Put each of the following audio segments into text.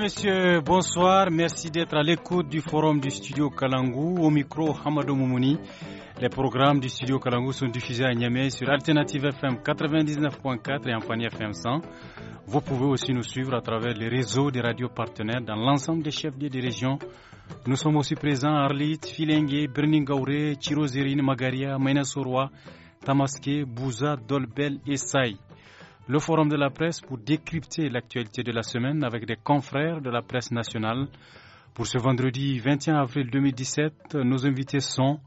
Messieurs, bonsoir. Merci d'être à l'écoute du forum du studio Kalangou. Au micro, Hamadou Moumouni. Les programmes du studio Kalangou sont diffusés à Niamey sur Alternative FM 99.4 et en Panier FM 100. Vous pouvez aussi nous suivre à travers les réseaux des radios partenaires dans l'ensemble des chefs des régions. Nous sommes aussi présents à Arlit, Filengue, Berningaure, Chirozirine, Magaria, Mainasoroa, Tamaske Bouza, Dolbel et Saï le forum de la presse pour décrypter l'actualité de la semaine avec des confrères de la presse nationale. Pour ce vendredi 21 avril 2017, nos invités sont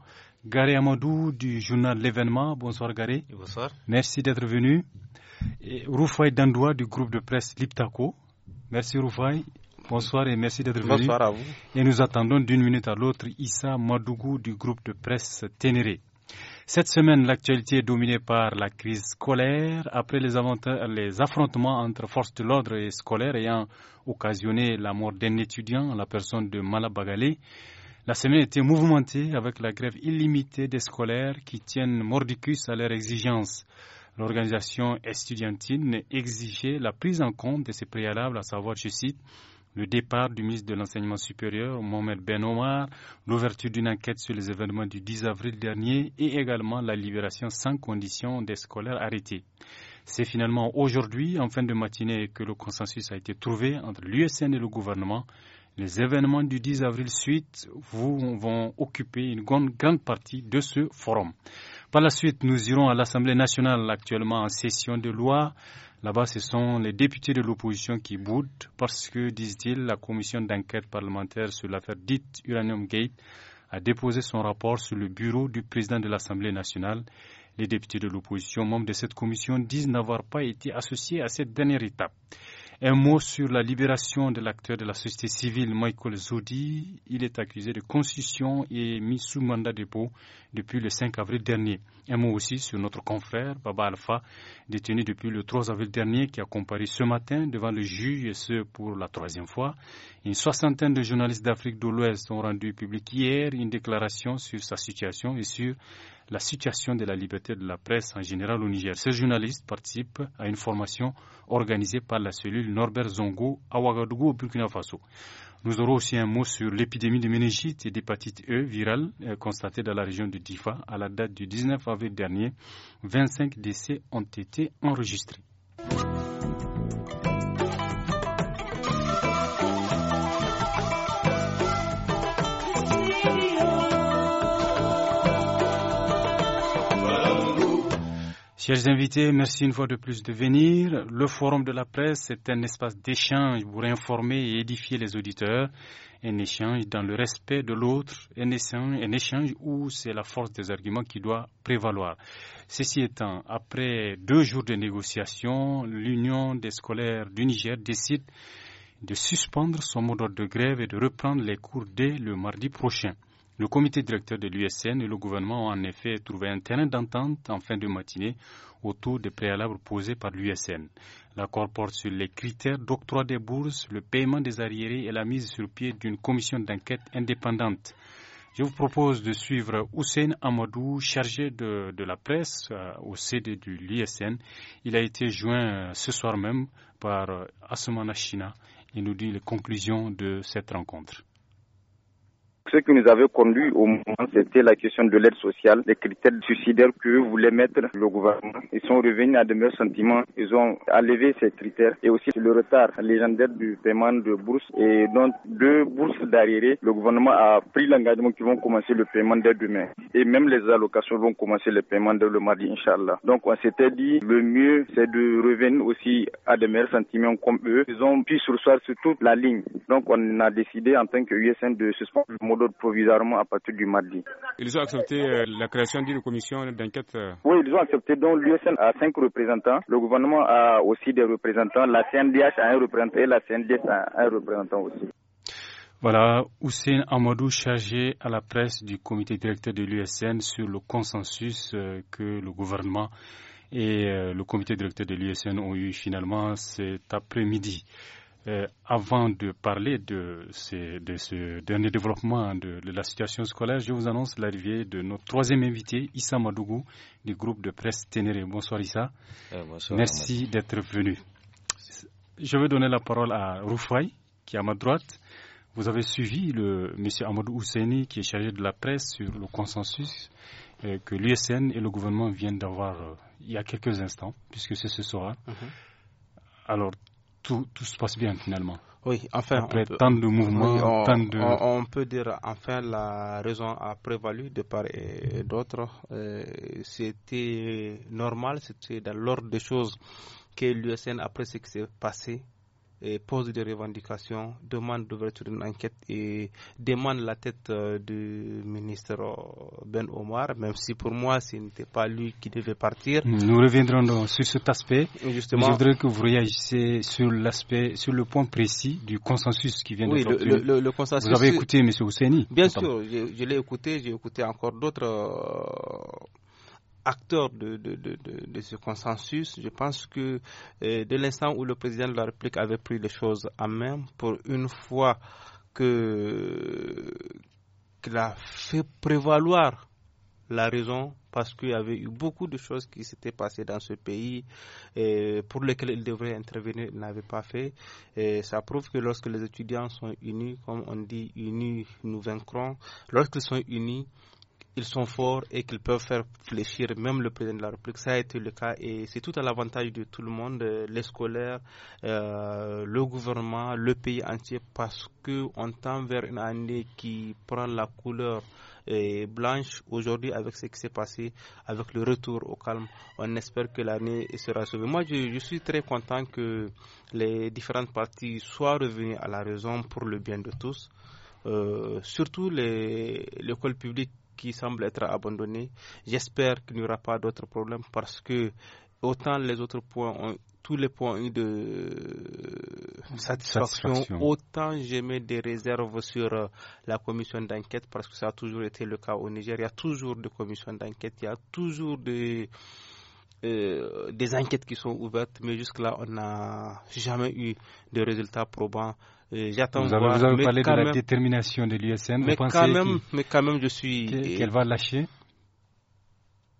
Garé Amadou du journal L'événement. Bonsoir Garé. Bonsoir. Merci d'être venu. Et Rufai Dandoua du groupe de presse Liptako. Merci Rufai. Bonsoir et merci d'être venu. Bonsoir à vous. Et nous attendons d'une minute à l'autre Issa Madougou du groupe de presse Ténéré. Cette semaine, l'actualité est dominée par la crise scolaire. Après les, affrontements entre forces de l'ordre et scolaires ayant occasionné la mort d'un étudiant, la personne de Malabagalé, la semaine était mouvementée avec la grève illimitée des scolaires qui tiennent mordicus à leurs exigences. L'organisation estudiantine exigeait la prise en compte de ces préalables, à savoir, je cite, le départ du ministre de l'Enseignement supérieur, Mohamed Ben Omar, l'ouverture d'une enquête sur les événements du 10 avril dernier et également la libération sans condition des scolaires arrêtés. C'est finalement aujourd'hui, en fin de matinée, que le consensus a été trouvé entre l'USN et le gouvernement. Les événements du 10 avril suite vont occuper une grande, grande partie de ce forum. Par la suite, nous irons à l'Assemblée nationale actuellement en session de loi Là-bas, ce sont les députés de l'opposition qui boudent parce que, disent-ils, la commission d'enquête parlementaire sur l'affaire dite Uranium Gate a déposé son rapport sur le bureau du président de l'Assemblée nationale. Les députés de l'opposition, membres de cette commission, disent n'avoir pas été associés à cette dernière étape. Un mot sur la libération de l'acteur de la société civile Michael Zodi. Il est accusé de constitution et mis sous mandat dépôt depuis le 5 avril dernier. Un mot aussi sur notre confrère Baba Alpha, détenu depuis le 3 avril dernier, qui a comparé ce matin devant le juge, et ce pour la troisième fois. Une soixantaine de journalistes d'Afrique de l'Ouest ont rendu public hier une déclaration sur sa situation et sur la situation de la liberté de la presse en général au Niger. Ces journalistes participent à une formation organisée par la cellule Norbert Zongo à Ouagadougou au Burkina Faso. Nous aurons aussi un mot sur l'épidémie de méningite et d'hépatite E virale euh, constatée dans la région de Difa à la date du 19 avril dernier. 25 décès ont été enregistrés. Chers invités, merci une fois de plus de venir. Le forum de la presse est un espace d'échange pour informer et édifier les auditeurs. Un échange dans le respect de l'autre, un échange, où c'est la force des arguments qui doit prévaloir. Ceci étant, après deux jours de négociations, l'Union des scolaires du Niger décide de suspendre son mot d'ordre de grève et de reprendre les cours dès le mardi prochain. Le comité directeur de l'USN et le gouvernement ont en effet trouvé un terrain d'entente en fin de matinée autour des préalables posés par l'USN. L'accord porte sur les critères d'octroi des bourses, le paiement des arriérés et la mise sur pied d'une commission d'enquête indépendante. Je vous propose de suivre Hussein Amadou, chargé de, la presse euh, au CD de l'USN. Il a été joint euh, ce soir même par euh, Asuman et Il nous dit les conclusions de cette rencontre. Ce qui nous avait conduit au moment, c'était la question de l'aide sociale, les critères suicidaires que voulait mettre le gouvernement. Ils sont revenus à de meilleurs sentiments. Ils ont enlevé ces critères et aussi le retard légendaire du paiement de bourses et donc deux bourses d'arriérés. Le gouvernement a pris l'engagement qu'ils vont commencer le paiement dès demain et même les allocations vont commencer le paiement dès le mardi, Inch'Allah. Donc on s'était dit le mieux c'est de revenir aussi à de meilleurs sentiments comme eux. Ils ont pu sursoir sur toute la ligne. Donc on a décidé en tant que USN de suspendre le mot d'ordre provisoirement à partir du mardi. Ils ont accepté euh, la création d'une commission d'enquête euh. Oui, ils ont accepté. Donc l'USN a cinq représentants, le gouvernement a aussi des représentants, la CNDH a un représentant et la CNDS a un représentant aussi. Voilà, Hussein Amadou, chargé à la presse du comité directeur de l'USN sur le consensus euh, que le gouvernement et le comité directeur de l'USN ont eu finalement cet après-midi. Euh, avant de parler de, de, ce dernier développement de, la situation scolaire, je vous annonce l'arrivée de notre troisième invité, Issa Madougou, du groupe de presse Ténéré. Bonsoir Issa. Euh, Merci d'être venu. Je vais donner la parole à Roufouaï, qui est à ma droite. Vous avez suivi le monsieur Amadou Ousseini, qui est chargé de la presse sur le consensus euh, que l'USN et le gouvernement viennent d'avoir il y a quelques instants, puisque c'est ce soir. Mhm. Alors, tout, se passe bien finalement. Oui, enfin. Après tant de mouvements, on, tant de... On, peut dire, enfin, la raison a prévalu de part et d'autre. Euh, c'était normal, c'était dans l'ordre des choses que l'USN, après ce qui s'est passé, et pose des revendications, demande d'ouverture d'une enquête et demande la tête euh, du ministre euh, Ben Omar, même si pour moi ce n'était pas lui qui devait partir. Nous reviendrons donc sur cet aspect. Justement, je voudrais que vous réagissiez sur l'aspect, sur le point précis du consensus qui vient oui, de le, le, le consensus, Vous avez écouté M. Housseni Bien sûr, je l'ai écouté, j'ai écouté encore d'autres euh, acteur de, de, ce consensus. Je pense que euh, de dès l'instant où le président de la République avait pris les choses en main, pour une fois qu'il a fait prévaloir la raison parce qu'il y avait eu beaucoup de choses qui s'étaient passées dans ce pays et euh, pour lesquelles il devrait intervenir, il n'avait pas fait. Et ça prouve que lorsque les étudiants sont unis, comme on dit, unis, nous vaincrons, lorsqu'ils sont unis, ils sont forts et qu'ils peuvent faire fléchir même le président de la République. Ça a été le cas et c'est tout à l'avantage de tout le monde, euh, les scolaires, euh, le gouvernement, le pays entier, parce qu'on tend vers une année qui prend la couleur euh, blanche aujourd'hui avec ce qui s'est passé, avec le retour au calme. On espère que l'année sera sauvée. Moi, je, suis très content que les différentes parties soient revenues à la raison pour le bien de tous. surtout l'école publique qui semble être abandonné. J'espère qu'il n'y aura pas d'autres problèmes parce que autant les autres points ont, tous les points ont eu de satisfaction, autant j'ai mis des réserves sur euh, la commission d'enquête parce que ça a toujours été le cas au Niger. Il y a toujours des commissions d'enquête, il y a toujours des euh, enquêtes qui sont ouvertes, mais jusque-là, on n'a jamais eu de résultats probants j'attends vous, avez parlé de la détermination de l'USN. Mais, quand même, mais quand même, je suis. Qu'elle va lâcher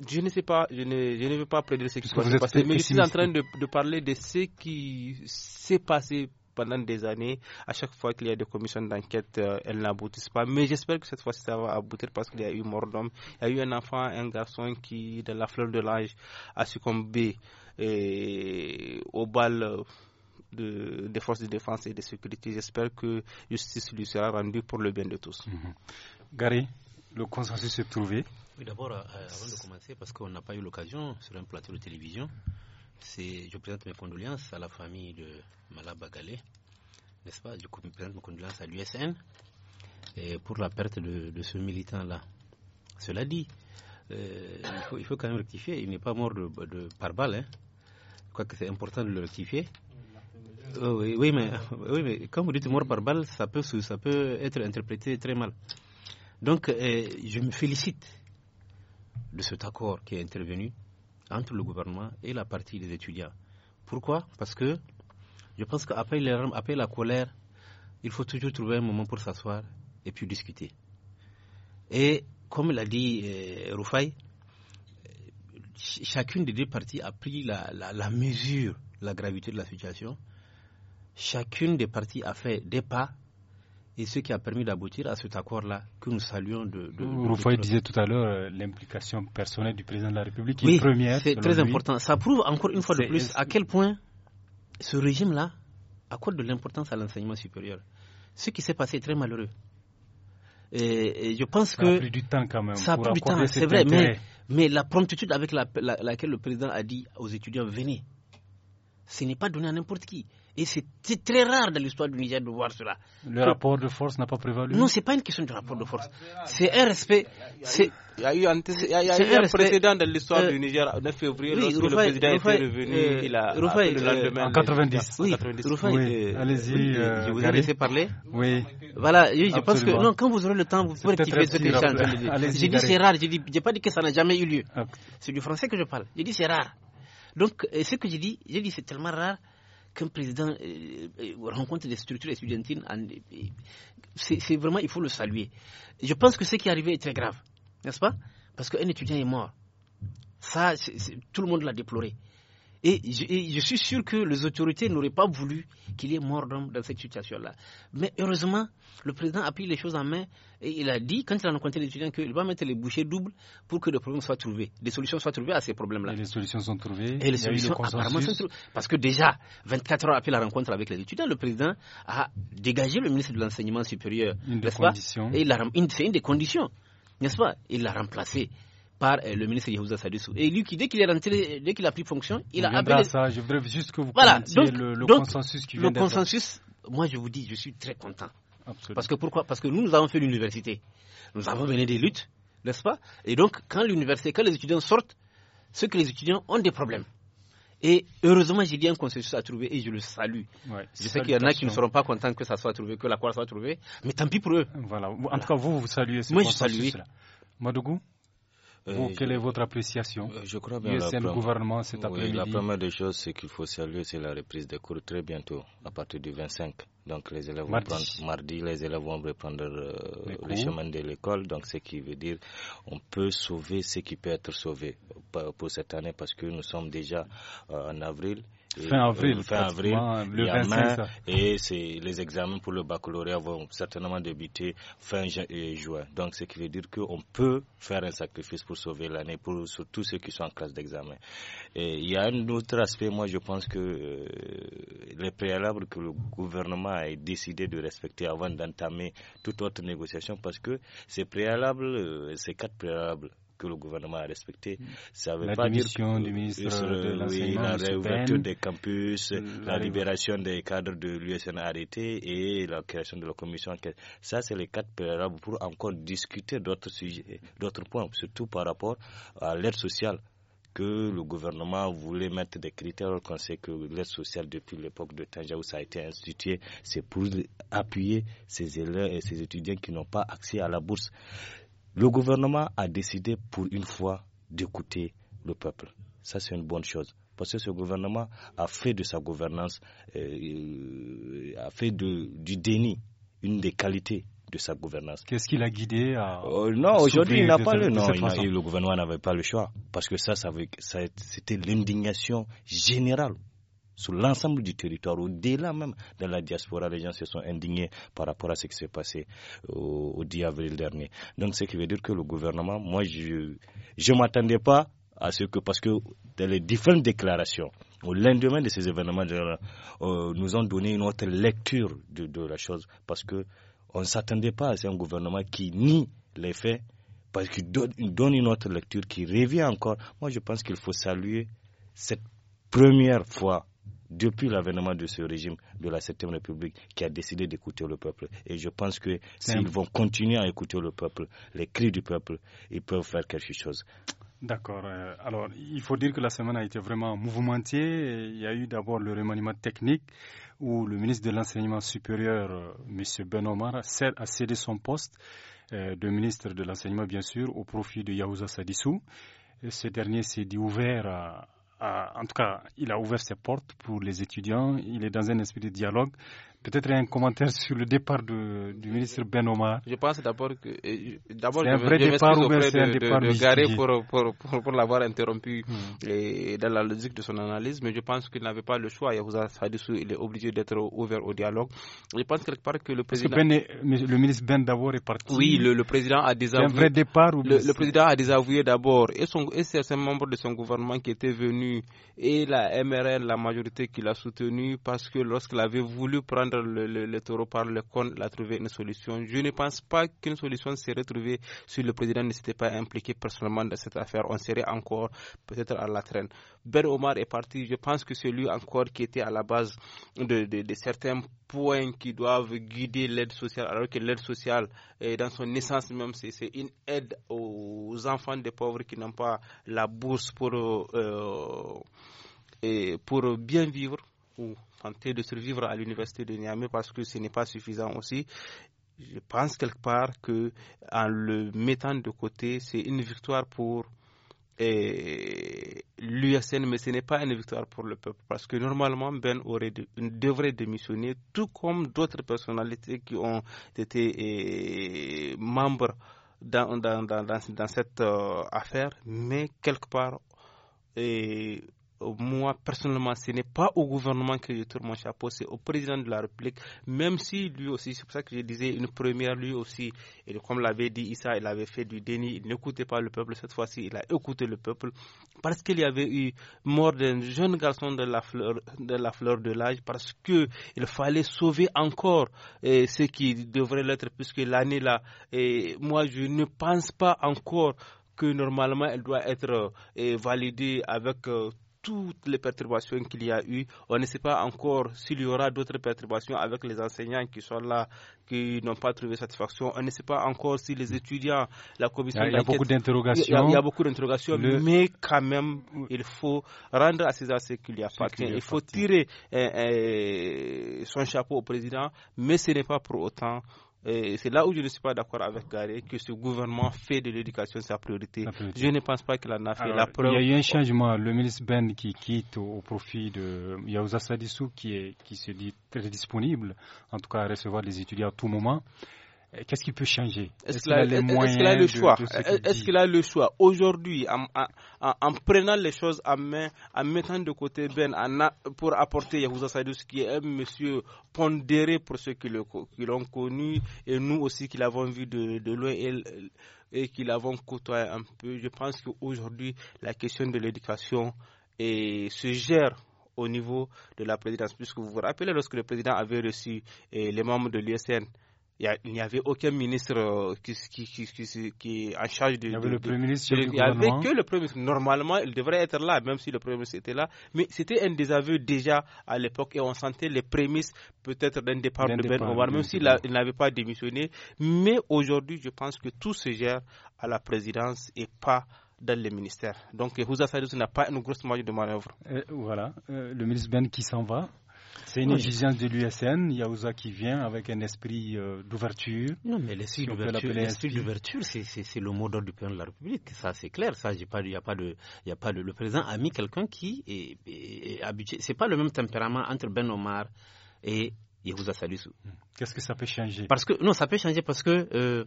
je ne sais pas, je ne, je ne veux pas prédire ce qui s'est passé, mais je suis en train de, de parler de ce qui s'est passé pendant des années. À chaque fois qu'il y a des commissions d'enquête, euh, elles n'aboutissent pas. Mais j'espère que cette fois-ci, ça va aboutir parce qu'il y a eu mort d'homme. Il y a eu un enfant, un garçon qui, dans la fleur de l'âge, a succombé au bal. Euh, des forces de défense et de sécurité. J'espère que justice lui sera rendue pour le bien de tous. Mhm. Gary, le consensus est trouvé. Oui, d'abord, euh, avant de commencer, parce qu'on n'a pas eu l'occasion sur un plateau de télévision, je présente mes condoléances à la famille de Malabagalé, n'est-ce pas Je présente mes condoléances à l'USN pour la perte de, ce militant-là. Cela dit, euh, il, faut, quand même rectifier, il n'est pas mort de, par balle. Hein. Je crois que c'est important de le rectifier. Euh, oui, mais, comme vous dites mort par balle, ça peut, ça peut être interprété très mal. Donc, euh, je me félicite de cet accord qui est intervenu entre le gouvernement et la partie des étudiants. Pourquoi Parce que je pense qu'après après la colère, il faut toujours trouver un moment pour s'asseoir et puis discuter. Et comme l'a dit euh, chacune des deux parties a pris la, la mesure, la gravité de la situation Chacune des parties a fait des pas et ce qui a permis d'aboutir à cet accord-là que nous saluons de. de, disait tout à l'heure euh, l'implication personnelle du président de la République oui, première. C'est très important. Ça prouve encore une fois de plus à quel point ce régime-là accorde de l'importance à l'enseignement supérieur. Ce qui s'est passé est très malheureux. pense ça que. a pris du temps quand même. Ça a pris du temps, c'est vrai, mais, la promptitude avec laquelle le président a dit aux étudiants venez, ce n'est pas donné à n'importe qui. Et c'est très rare dans l'histoire du Niger de voir cela. Le rapport de force n'a pas prévalu Non, ce n'est pas une question de rapport de force. C'est un respect. Il y a eu un, précédent dans l'histoire euh, du Niger, 9 février, lorsque le président est revenu, euh, il a le lendemain. Euh, en 90. Oui, allez-y. je vous ai laissé parler Oui. Voilà, je pense que non, quand vous aurez le temps, vous pourrez quitter cette échange. J'ai dit c'est rare, je n'ai pas dit que ça n'a jamais eu lieu. C'est du français que je parle. J'ai dit c'est rare. Donc, ce que j'ai dit, j'ai dit c'est tellement rare qu'un président euh, euh, rencontre des structures étudiantines, euh, c'est vraiment, il faut le saluer. Je pense que ce qui est arrivé est très grave, n'est-ce pas Parce qu'un étudiant est mort. Ça, tout le monde l'a déploré. Et je, suis sûr que les autorités n'auraient pas voulu qu'il y ait mort d'homme dans cette situation-là. Mais heureusement, le président a pris les choses en main et il a dit, quand il a rencontré les étudiants, qu'il va mettre les bouchées doubles pour que le problème soit trouvé, des solutions soient trouvées à ces problèmes-là. Et les solutions sont trouvées. Et les solutions le apparemment sont trouvées. Parce que déjà, 24 heures après la rencontre avec les étudiants, le président a dégagé le ministre de l'Enseignement supérieur. Une des conditions. Et une des conditions, n'est-ce pas Il l'a remplacé par euh, le ministre Yéhouda Sadissou. Et lui, qui, dès qu'il est rentré, dès qu'il a pris fonction, il a appelé. Ça, je voudrais juste que vous voilà, donc, le, consensus qui vient Le consensus, moi je vous dis, je suis très content. Parce que pourquoi Parce que nous, nous avons fait l'université. Nous avons mené des luttes, n'est-ce pas Et donc, quand l'université, quand les étudiants sortent, ceux que les étudiants ont des problèmes. Et heureusement, j'ai dit un consensus à trouver et je le salue. je sais qu'il y en a qui ne seront pas contents que ça soit trouvé, que l'accord soit trouvé, mais tant pis pour eux. Voilà. En tout cas, vous, vous saluez ce Moi, je salue. Madougou euh, quelle est votre appréciation euh, Je crois bien. la gouvernement cet après-midi La première des choses, qu'il faut saluer, c'est la reprise des cours très bientôt, à partir du 25. Donc les élèves Vont mardi les élèves vont reprendre euh, le chemin de l'école. Donc ce qui veut dire, on peut sauver ce qui peut être sauvé pour cette année parce que nous sommes déjà en avril fin euh, avril, fin avril le 25 et les examens pour le baccalauréat vont certainement débuter fin juin. Donc ce qui veut dire qu'on peut faire un sacrifice pour sauver l'année pour tous ceux qui sont en classe d'examen. il y a un autre aspect, moi je pense que euh, les préalables que le gouvernement a décidé de respecter avant d'entamer toute autre négociation parce que ces préalables, euh, ces quatre préalables que le gouvernement a respecté. Mm. la pas du ministre de euh, la réouverture des campus, la, libération des cadres de l'USN arrêtés et la création de la commission. Ça, c'est les quatre préalables pour encore discuter d'autres sujets, d'autres points, surtout par rapport à l'aide sociale que le gouvernement voulait mettre des critères au Conseil que l'aide sociale depuis l'époque de Tanja où ça a été institué, c'est pour appuyer ces élèves et ces étudiants qui n'ont pas accès à la bourse. Le gouvernement a décidé pour une fois d'écouter le peuple. Ça, c'est une bonne chose. Parce que ce gouvernement a fait de sa gouvernance, euh, a fait du déni une des qualités de sa gouvernance. Qu'est-ce qu'il l'a guidé à... Euh, non, aujourd'hui, il n'a pas le... le gouvernement n'avait pas le choix. Parce que ça c'était l'indignation générale sur l'ensemble du territoire, au-delà même de la diaspora, les gens se sont indignés par rapport à ce qui s'est passé au, 10 avril dernier. Donc, ce qui veut dire que le gouvernement, moi, je ne m'attendais pas à ce que, parce que dans les différentes déclarations, au lendemain de ces événements, euh, nous ont donné une autre lecture de, de la chose, parce que on ne s'attendait pas à un gouvernement qui nie les faits, parce qu'il donne une autre lecture qui revient encore. Moi, je pense qu'il faut saluer cette première fois depuis l'avènement de ce régime de la septième République qui a décidé d'écouter le peuple. Et je pense que s'ils vont continuer à écouter le peuple, les cris du peuple, ils peuvent faire quelque chose. D'accord. Euh, alors, il faut dire que la semaine a été vraiment mouvementée. Il y a eu d'abord le remaniement technique où le ministre de l'Enseignement supérieur, euh, M. Ben Omar, a cédé son poste euh, de ministre de l'Enseignement, bien sûr, au profit de Yahouza Sadissou. Ce dernier s'est dit ouvert à, euh, en tout cas, il a ouvert ses portes pour les étudiants. Il est dans un esprit de dialogue. Peut-être un commentaire sur le départ du ministre ben Omar Je pense d'abord que. Eh, d'abord, c'est un vrai je départ ou bien c'est un départ de, de pour, l'avoir interrompu hmm. eh, dans la logique de son analyse, mais je pense qu'il n'avait pas le choix. il est obligé d'être ouvert au dialogue. Je pense quelque part que le président. Ben le ministre Ben d'abord est parti. Oui, le, président a désavoué. un vrai départ le, président a désavoué d'abord et, son, et certains membres de son gouvernement qui étaient venus et la MRL, la majorité qui l'a soutenu parce que lorsqu'il avait voulu prendre le, taureau par le cône, il a trouvé une solution. Je ne pense pas qu'une solution serait trouvée si le président ne s'était pas impliqué personnellement dans cette affaire. On serait encore peut-être à la traîne. Ben Omar est parti. Je pense que c'est lui encore qui était à la base de, certains points qui doivent guider l'aide sociale, alors que l'aide sociale, est dans son essence même, c'est une aide aux enfants des pauvres qui n'ont pas la bourse pour, euh, euh, pour bien vivre ou tenter de survivre à l'université de Niamey parce que ce n'est pas suffisant aussi. Je pense quelque part que en le mettant de côté, c'est une victoire pour eh, l'USN, mais ce n'est pas une victoire pour le peuple parce que normalement Ben aurait devrait démissionner, tout comme d'autres personnalités qui ont été eh, membres dans, dans, dans, cette euh, affaire, mais quelque part, et eh, euh, moi personnellement, ce n'est pas au gouvernement que je tourne mon chapeau, c'est au président de la République, même si lui aussi, c'est pour ça que je disais une première, lui aussi, et comme l'avait dit Issa, il avait fait du déni, il n'écoutait pas le peuple, cette fois-ci, il a écouté le peuple, parce qu'il y avait eu mort d'un jeune garçon de la fleur de la fleur de l'âge, parce qu'il fallait sauver encore ce qui devrait l'être, puisque l'année là, et moi je ne pense pas encore que normalement elle doit être euh, validée avec euh, toutes les perturbations qu'il y a eu. On ne sait pas encore s'il y aura d'autres perturbations avec les enseignants qui sont là, qui n'ont pas trouvé satisfaction. On ne sait pas encore si les étudiants, la commission. Il y a, beaucoup d'interrogations. Il, y a beaucoup d'interrogations, mais quand même, il faut rendre à César ce qu'il y a pas. Il faut tirer euh, euh, son chapeau au président, mais ce n'est pas pour autant et c'est là où je ne suis pas d'accord avec Gary, que ce gouvernement fait de l'éducation sa priorité. Je ne pense pas qu'il en a fait la preuve. Il y a eu un changement, le ministre Ben qui quitte au, profit de Yaouza Sadissou qui, est, qui se dit très disponible, en tout cas à recevoir les étudiants à tout moment. Euh, qu'est-ce qui peut changer Est-ce qu'il a, est le choix Est-ce qu'il a le choix aujourd'hui en, prenant les choses en main, en mettant de côté Ben a, pour apporter Yahouza ce qui est un monsieur pondéré pour ceux qui l'ont connu et nous aussi qui l'avons vu de, loin et, et qui l'avons côtoyé un peu. Je pense qu'aujourd'hui, la question de l'éducation se gère au niveau de la présidence, puisque vous vous rappelez lorsque le président avait reçu eh, les membres de l'USN il n'y avait aucun ministre euh, qui, qui, est en charge de. Il n'y avait que le Premier ministre. Normalement, il devrait être là, même si le Premier ministre était là. Mais c'était un désaveu déjà à l'époque et on sentait les prémices peut-être d'un départ de Ben Omar, même s'il n'avait pas démissionné. Mais aujourd'hui, je pense que tout se gère à la présidence et pas dans les ministères. Donc, Houza Sadous n'a pas une grosse marge de manœuvre. Euh, voilà, euh, le ministre Ben qui s'en va, c'est une exigence de l'USN. Yahouza qui vient avec un esprit euh, d'ouverture. Non, mais l'esprit d'ouverture, c'est le mot d'ordre du président de la République. Ça, c'est clair. Ça, il n'y a, pas de. Y a pas de le président a mis quelqu'un qui est, habitué. Ce n'est pas le même tempérament entre Ben Omar et Yahouza Salisu. Qu'est-ce que ça peut changer parce que, Non, ça peut changer parce que euh,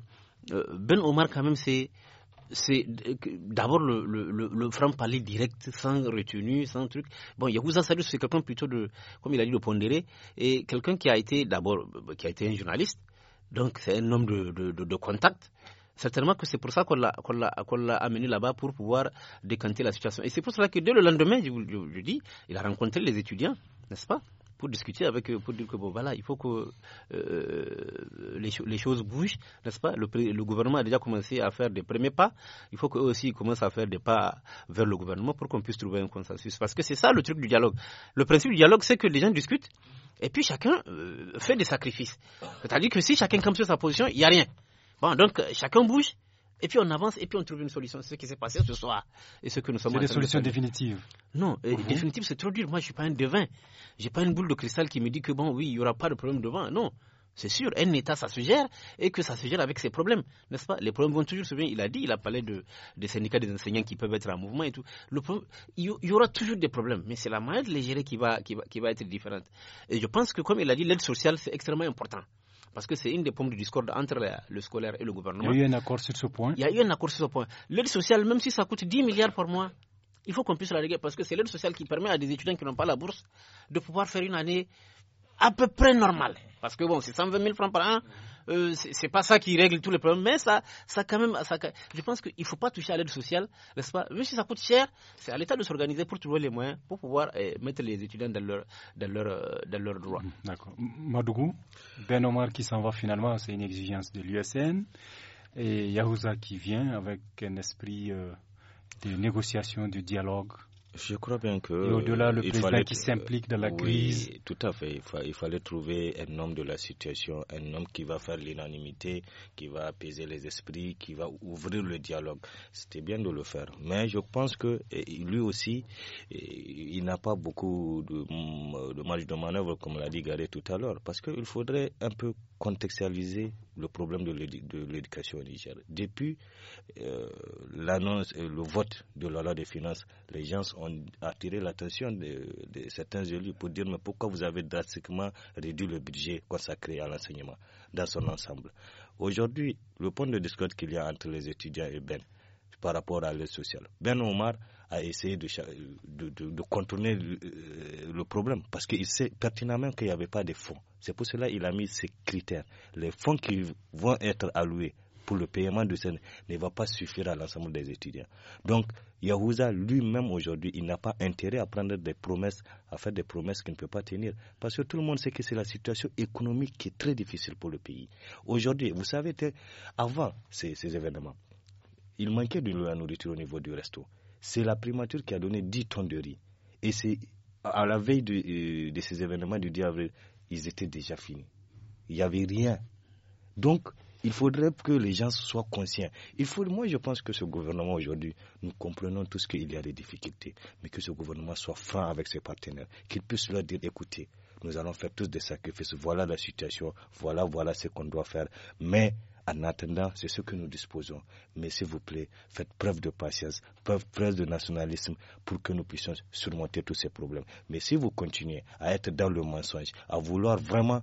euh, Ben Omar, quand même, c'est c'est d'abord le, le, le, franc parler direct, sans retenue, sans truc. Bon, Yakuza Sadius, c'est quelqu'un plutôt de, comme il a dit, de pondéré, et quelqu'un qui a été d'abord, qui a été un journaliste, donc c'est un homme de, de, de, contact. Certainement que c'est pour ça qu'on l'a, amené là-bas pour pouvoir décanter la situation. Et c'est pour cela que dès le lendemain, je, je, je dis, il a rencontré les étudiants, n'est-ce pas pour discuter avec eux, pour dire que bon, voilà, il faut que euh, les, choses bougent, n'est-ce pas le, gouvernement a déjà commencé à faire des premiers pas. Il faut qu'eux aussi commencent à faire des pas vers le gouvernement pour qu'on puisse trouver un consensus. Parce que c'est ça le truc du dialogue. Le principe du dialogue, c'est que les gens discutent et puis chacun euh, fait des sacrifices. C'est-à-dire que si chacun campe sur sa position, il n'y a rien. Bon, donc chacun bouge. Et puis on avance et puis on trouve une solution. C'est ce qui s'est passé ce soir. Et ce que nous sommes C'est des solutions définitives. Non, définitives, c'est trop dur. Moi, je suis pas un devin. n'ai pas une boule de cristal qui me dit que bon, oui, il n'y aura pas de problème devant. Non. C'est sûr, un État, ça se gère et que ça se gère avec ses problèmes, n'est-ce pas Les problèmes vont toujours se venir. Il a dit, il a parlé de, des syndicats des enseignants qui peuvent être en mouvement et tout. il y aura toujours des problèmes, mais c'est la manière de les gérer qui va, qui va, qui va être différente. Et je pense que, comme il a dit, l'aide sociale, c'est extrêmement important. Parce que c'est une des pommes de discorde entre le scolaire et le gouvernement. Il y a eu un accord sur ce point. Il y a eu un accord sur ce point. L'aide sociale, même si ça coûte 10 milliards par mois, il faut qu'on puisse la régler parce que c'est l'aide sociale qui permet à des étudiants qui n'ont pas la bourse de pouvoir faire une année à peu près normale. Parce que bon, c'est 120 000 francs par an. Euh, c'est pas ça qui règle tous les problèmes, mais ça, ça quand même, je pense qu'il faut pas toucher à l'aide sociale, n'est-ce pas Même si ça coûte cher, c'est à l'État de s'organiser pour trouver les moyens pour pouvoir euh, mettre les étudiants dans leurs leur, dans euh, droits. Mm-hmm. D'accord. Madougou, Ben Omar qui s'en va finalement, c'est une exigence de l'USN, et Yahouza qui vient avec un esprit de négociation, de dialogue. Je crois bien que. au-delà, le fallait, qui s'implique dans la crise. Tout à fait. Il, fallait trouver un homme de la situation, un homme qui va faire l'unanimité, qui va apaiser les esprits, qui va ouvrir le dialogue. C'était bien de le faire. Mais je pense que lui aussi, il n'a pas beaucoup mm, de, marge de manœuvre, comme l'a dit Garé tout à l'heure, parce qu'il faudrait un peu contextualiser le problème de l'éducation au Niger. Depuis euh, l'annonce et le vote de la loi des finances, les gens ont attiré l'attention de, de, certains élus pour dire mais pourquoi vous avez drastiquement réduit le budget consacré à l'enseignement dans son ensemble. Aujourd'hui, le point de discorde qu'il y a entre les étudiants et Ben par rapport à l'aide sociale. Ben Omar, à essayer de, de, contourner euh, le, problème parce qu'il sait pertinemment qu'il n'y avait pas de fonds. C'est pour cela qu'il a mis ces critères. Les fonds qui vont être alloués pour le paiement de ces ne va pas suffire à l'ensemble des étudiants. Donc, Yahouza lui-même aujourd'hui, il n'a pas intérêt à prendre des promesses, à faire des promesses qu'il ne peut pas tenir. Parce que tout le monde sait que c'est la situation économique qui est très difficile pour le pays. Aujourd'hui, vous savez, avant ces, ces événements, il manquait de la nourriture au niveau du resto. C'est la primature qui a donné 10 tonnes de riz. Et c'est à la veille de, euh, ces événements du 10 avril, ils étaient déjà finis. Il n'y avait rien. Donc, il faudrait que les gens soient conscients. Il faut, moi, je pense que ce gouvernement aujourd'hui, nous comprenons tous qu'il y a des difficultés, mais que ce gouvernement soit franc avec ses partenaires, qu'il puisse leur dire écoutez, nous allons faire tous des sacrifices, voilà la situation, voilà, voilà ce qu'on doit faire, mais en attendant, c'est ce que nous disposons. Mais s'il vous plaît, faites preuve de patience, preuve, de nationalisme pour que nous puissions surmonter tous ces problèmes. Mais si vous continuez à être dans le mensonge, à vouloir vraiment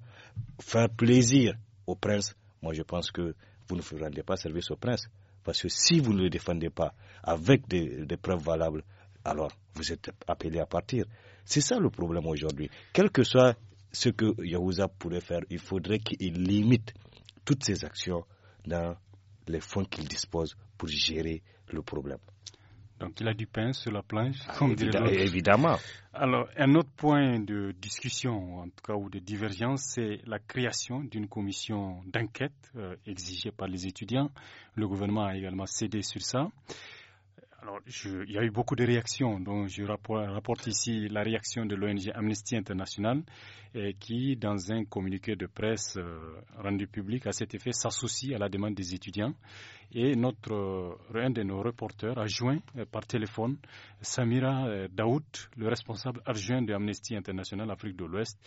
faire plaisir au prince, moi je pense que vous ne rendez pas service au prince. Parce que si vous ne le défendez pas avec des, preuves valables, alors vous êtes appelé à partir. C'est ça le problème aujourd'hui. Quel que soit ce que Yahouza pourrait faire, il faudrait qu'il limite toutes ses actions dans les fonds qu'il dispose pour gérer le problème. Donc il a du pain sur la planche, ah, comme évidemment, évidemment. Alors un autre point de discussion, en tout cas, ou de divergence, c'est la création d'une commission d'enquête euh, exigée par les étudiants. Le gouvernement a également cédé sur ça. Alors, il y a eu beaucoup de réactions, donc je rapporte, ici la réaction de l'ONG Amnesty International, eh, qui, dans un communiqué de presse euh, rendu public à cet effet, s'associe à la demande des étudiants. Et notre, euh, un de nos reporters a joint eh, par téléphone Samira eh, Daoud, le responsable adjoint de Amnesty International Afrique de l'Ouest.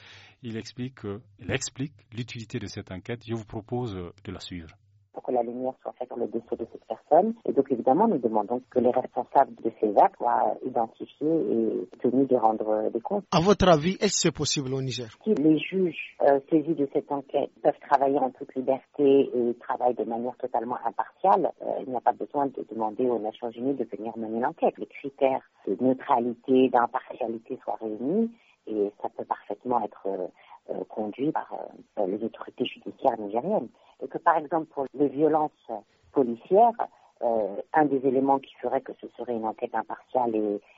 Il explique, il explique l'utilité de cette enquête. Je vous propose euh, de la suivre pour que la lumière soit faite sur le dessous de cette personne. Et donc, évidemment, nous demandons que les responsables de ces actes soient identifiés et tenus de rendre des comptes. À votre avis, est-ce que c'est possible au Niger Si les juges euh, saisis de cette enquête peuvent travailler en toute liberté et travaillent de manière totalement impartiale, euh, il n'y a pas besoin de demander aux Nations Unies de venir mener l'enquête. Les critères de neutralité, d'impartialité soient réunis et ça peut parfaitement être euh, euh, conduit euh, par les autorités judiciaires nigériennes. Et que par exemple pour les violences policières, euh, un des éléments qui ferait que ce serait une enquête impartiale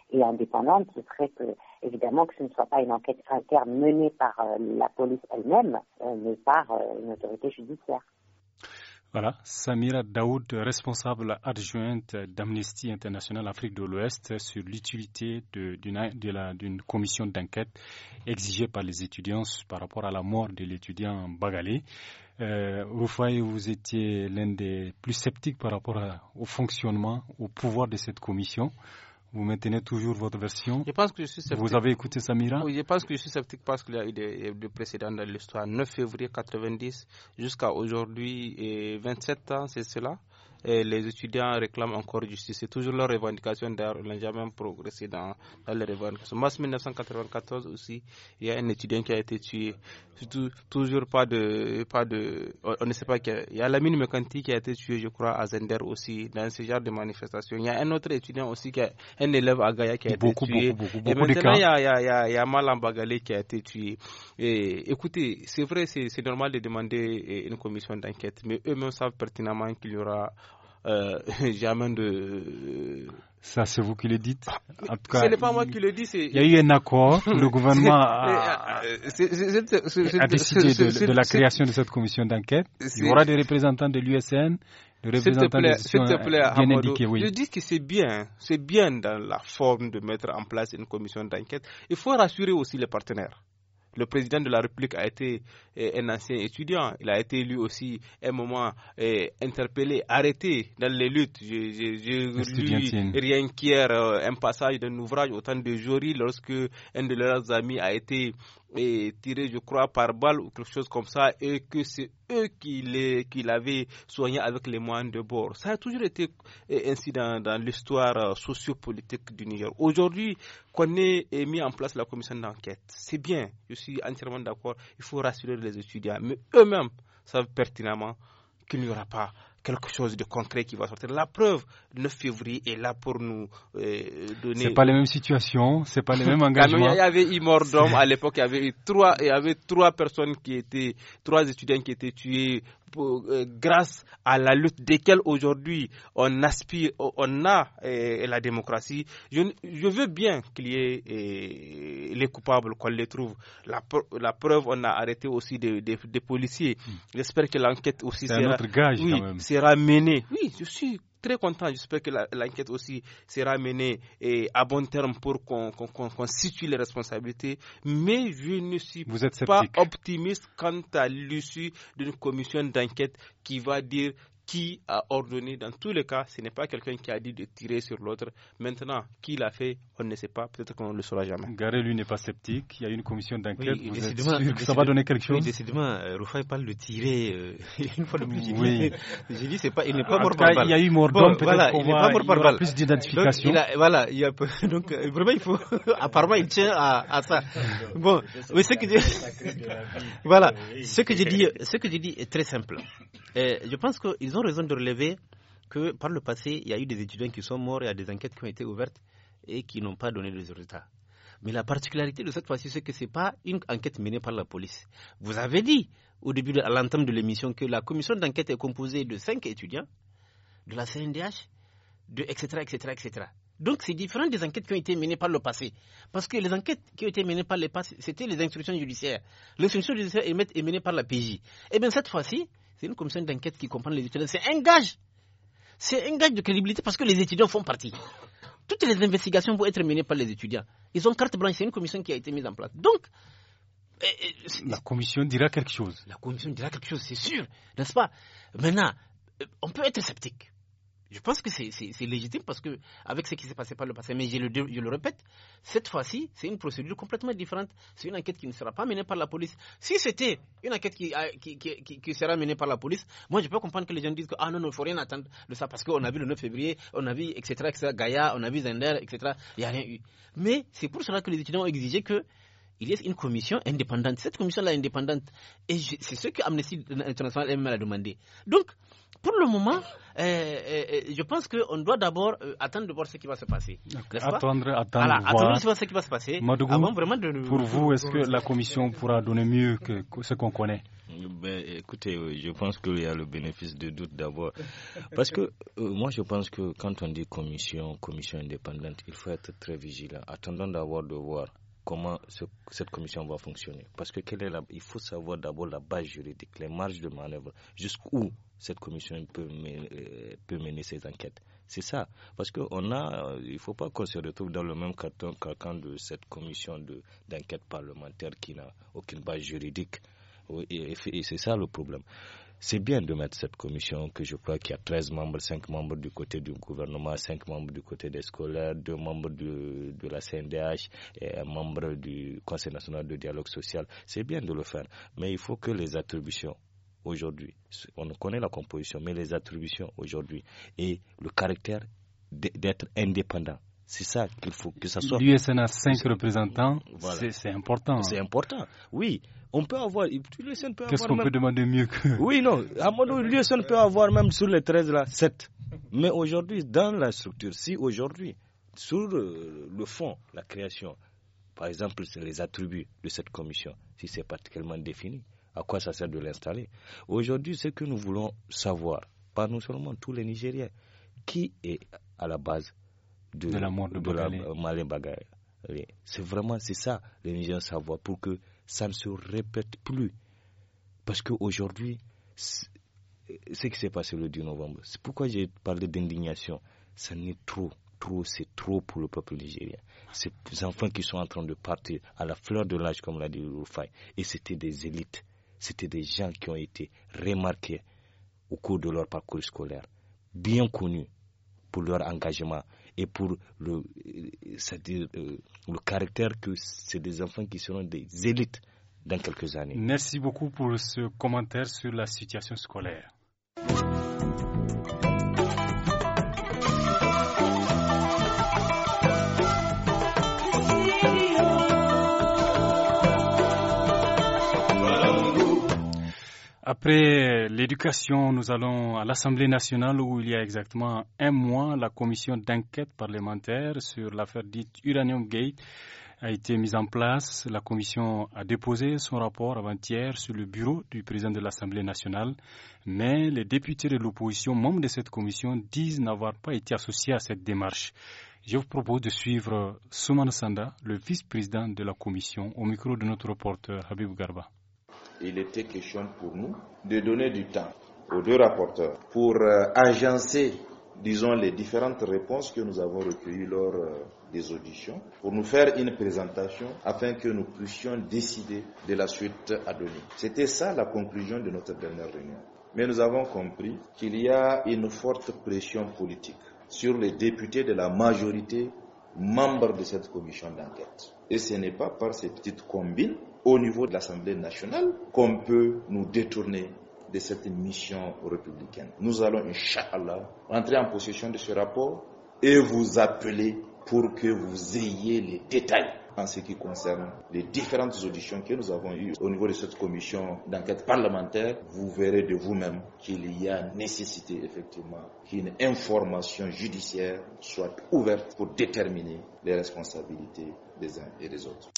et, indépendante, ce serait que, évidemment, que ce ne soit pas une enquête interne menée par la police elle-même, mais par une autorité judiciaire. Voilà, Samira Daoud, responsable adjointe d'Amnesty International Afrique de l'Ouest sur l'utilité d'une commission d'enquête exigée par les étudiants par rapport à la mort de l'étudiant Bagalé. Euh, voyez, vous étiez l'un des plus sceptiques par rapport au fonctionnement, au pouvoir de cette commission. Vous maintenez toujours votre version. Je pense que je suis sceptique. Vous avez écouté Samira Oui, je pense que je suis sceptique parce qu'il y a eu des, précédents dans l'histoire. 9 février 90 jusqu'à aujourd'hui, 27 ans, c'est cela les étudiants réclament encore justice. C'est toujours leur revendication d'ailleurs, ils n'ont jamais progressé dans, dans les revendications. Mars 1994 aussi, il y a un étudiant qui a été tué. toujours pas de, pas de, on, ne sait pas qui. Il y a Lamine Mekanti qui a été tué, je crois, à Zender aussi, dans ce genre de manifestation. Il y a un autre étudiant aussi, qui un élève à Gaïa qui a été tué. il y a, il y a, qui a été tué. Et, écoutez, c'est vrai, c'est normal de demander une commission d'enquête, mais eux-mêmes savent pertinemment qu'il y aura euh, jamais de. Ça, c'est vous qui le dites. En tout cas, ce n'est pas moi qui le dis. Il y a eu un accord. Le gouvernement a, décidé de, la création de cette commission d'enquête. Il y aura des représentants de l'USN, des représentants plaît, S'il te plaît, bien indiqués, oui. Je dis que c'est bien. C'est bien dans la forme de mettre en place une commission d'enquête. Il faut rassurer aussi les partenaires. Le président de la République a été eh, un ancien étudiant. Il a été lui aussi, un moment, eh, interpellé, arrêté dans les luttes. Je J'ai rien qu'hier euh, un passage d'un ouvrage au temps de Jory, lorsque un de leurs amis a été et tiré, je crois, par balle ou quelque chose comme ça, et que c'est eux qui l'avaient soigné avec les moines de bord. Ça a toujours été eh, ainsi dans, dans l'histoire euh, sociopolitique du Niger. Aujourd'hui, qu'on ait mis en place la commission d'enquête, c'est bien, je suis entièrement d'accord, il faut rassurer les étudiants, mais eux-mêmes savent pertinemment qu'il n'y aura pas quelque chose de concret qui va sortir. La preuve, le février est là pour nous donner... Euh, donner. C'est pas les mêmes situations, c'est pas les mêmes engagements. il y avait Imordom à l'époque, il y avait trois, il y avait trois personnes qui étaient, trois étudiants qui étaient tués euh, grâce à la lutte desquelles aujourd'hui on aspire, euh, on a euh, la démocratie. Je, veux bien qu'il y ait les coupables, qu'on les trouve. La, la, preuve, on a arrêté aussi des, policiers. Hmm. J'espère que l'enquête aussi sera, sera menée. Oui, je suis très content. J'espère que l'enquête aussi sera menée eh, à bon terme pour qu'on situe les responsabilités. Mais je ne suis pas optimiste quant à l'issue d'une commission d'enquête qui va dire qui a ordonné, dans tous les cas, ce n'est pas quelqu'un qui a dit de tirer sur l'autre. Maintenant, qui l'a fait, on ne sait pas, peut-être qu'on ne le saura jamais. Garé, lui, n'est pas sceptique, il y a une commission d'enquête, vous sûr que ça va donner quelque chose oui, décidément, euh, Rufai parle de tirer, euh, une fois de plus, j'ai dit, c'est pas, il n'est pas mort par balle. Il y a eu mort d'homme, voilà, il n'est pas mort plus d'identification. Voilà, il y a, donc, euh, vraiment, il faut, apparemment, il tient à, ça. Bon, ce que j'ai, voilà, ce que dit, est très simple. je pense qu'ils ils ont raison de relever que par le passé, il y a eu des étudiants qui sont morts, il y a des enquêtes qui ont été ouvertes et qui n'ont pas donné de résultats. Mais la particularité de cette fois-ci, c'est que ce n'est pas une enquête menée par la police. Vous avez dit au début, de, à l'entente de l'émission, que la commission d'enquête est composée de cinq étudiants, de la CNDH, de etc., etc., etc. Donc c'est différent des enquêtes qui ont été menées par le passé. Parce que les enquêtes qui ont été menées par le passé, c'était les instructions judiciaires. L'instruction judiciaire est menée par la PJ. Et eh bien cette fois-ci, c'est une commission d'enquête qui comprend les étudiants. C'est un gage. C'est un gage de crédibilité parce que les étudiants font partie. Toutes les investigations vont être menées par les étudiants. Ils ont carte blanche. C'est une commission qui a été mise en place. Donc, eh, eh, la commission dira quelque chose. La commission dira quelque chose, c'est sûr, n'est-ce pas Maintenant, euh, on peut être sceptique. Je pense que c'est légitime parce que, avec ce qui s'est passé par le passé, mais je le, répète, cette fois-ci, c'est une procédure complètement différente. C'est une enquête qui ne sera pas menée par la police. Si c'était une enquête qui, sera menée par la police, moi, je peux comprendre que les gens disent que, ah non, non, il ne faut rien attendre de ça parce qu'on a vu le 9 février, on a vu, etc., etc., Gaïa, on a vu Zender, etc. Il n'y a rien eu. Mais c'est pour cela que les étudiants ont exigé que il y a une commission indépendante. Cette commission-là indépendante, et c'est ce que Amnesty International a demandé. Donc, pour le moment, euh, euh, euh, je pense qu'on doit d'abord attendre de voir ce qui va se passer. Attendre, attendre, voilà, voir. ce qui va se passer. avant vraiment de... Pour vous, est-ce que la commission pourra donner mieux que ce qu'on connaît ben, Écoutez, je pense qu'il y a le bénéfice de doute d'abord. Parce que moi, je pense que quand on dit commission, commission indépendante, il faut être très vigilant. Attendons d'avoir de voir comment cette commission va fonctionner. Parce que est la, il faut savoir d'abord la base juridique, les marges de manœuvre, jusqu'où cette commission peut mener, euh, ses enquêtes. C'est ça. Parce qu'on a, euh, il ne faut pas qu'on se retrouve dans le même carton qu'un de cette commission d'enquête parlementaire qui n'a aucune base juridique. et c'est ça le problème. C'est bien de mettre cette commission que je crois qu'il y a 13 membres, 5 membres du côté du gouvernement, 5 membres du côté des scolaires, 2 membres de, la CNDH et un membre du Conseil national de dialogue social. C'est bien de le faire, mais il faut que les attributions aujourd'hui, on connaît la composition, mais les attributions aujourd'hui et le caractère d'être indépendant c'est ça qu'il faut que ça soit. L'USN a cinq représentants, c'est important. Hein. C'est important, oui. On peut avoir. Qu'est-ce qu'on peut demander mieux que. Oui, non. l'USN peut avoir même sur les 13 là, 7. Mais aujourd'hui, dans la structure, si aujourd'hui, sur euh, le fond, la création, par exemple, les attributs de cette commission, si c'est particulièrement défini, à quoi ça sert de l'installer Aujourd'hui, ce que nous voulons savoir, pas nous seulement tous les Nigériens, qui est à la base de, la mort de, C'est vraiment c'est ça les gens savoir pour que ça ne se répète plus. Parce qu'aujourd'hui, ce qui s'est passé le 10 novembre, c'est pourquoi j'ai parlé d'indignation. Ça n'est trop, trop, c'est trop pour le peuple nigérien. Ces enfants qui sont en train de partir à la fleur de l'âge, comme l'a dit Rufai, et c'était des élites, c'était des gens qui ont été remarqués au cours de leur parcours scolaire, bien connus pour leur engagement, et pour le, euh, le caractère que c'est des enfants qui seront des élites dans quelques années. Merci beaucoup pour ce commentaire sur la situation scolaire. Après l'éducation, nous allons à l'Assemblée nationale où il y a exactement un mois, la commission d'enquête parlementaire sur l'affaire dite Uranium Gate a été mise en place. La commission a déposé son rapport avant-hier sur le bureau du président de l'Assemblée nationale, mais les députés de l'opposition, membres de cette commission, disent n'avoir pas été associés à cette démarche. Je vous propose de suivre Souman Sanda, le vice-président de la commission, au micro de notre reporter Habib Garba il était question pour nous de donner du temps aux deux rapporteurs pour euh, agencer, disons, les différentes réponses que nous avons recueillies lors euh, des auditions, pour nous faire une présentation afin que nous puissions décider de la suite à donner. C'était ça la conclusion de notre dernière réunion. Mais nous avons compris qu'il y a une forte pression politique sur les députés de la majorité membres de cette commission d'enquête. Et ce n'est pas par ces petites combines au niveau de l'Assemblée nationale qu'on peut nous détourner de cette mission républicaine. Nous allons, Inch'Allah, entrer en possession de ce rapport et vous appeler pour que vous ayez les détails en ce qui concerne les différentes auditions que nous avons eues au niveau de cette commission d'enquête parlementaire, vous verrez de vous-même qu'il y a nécessité effectivement qu'une information judiciaire soit ouverte pour déterminer les responsabilités des uns et des autres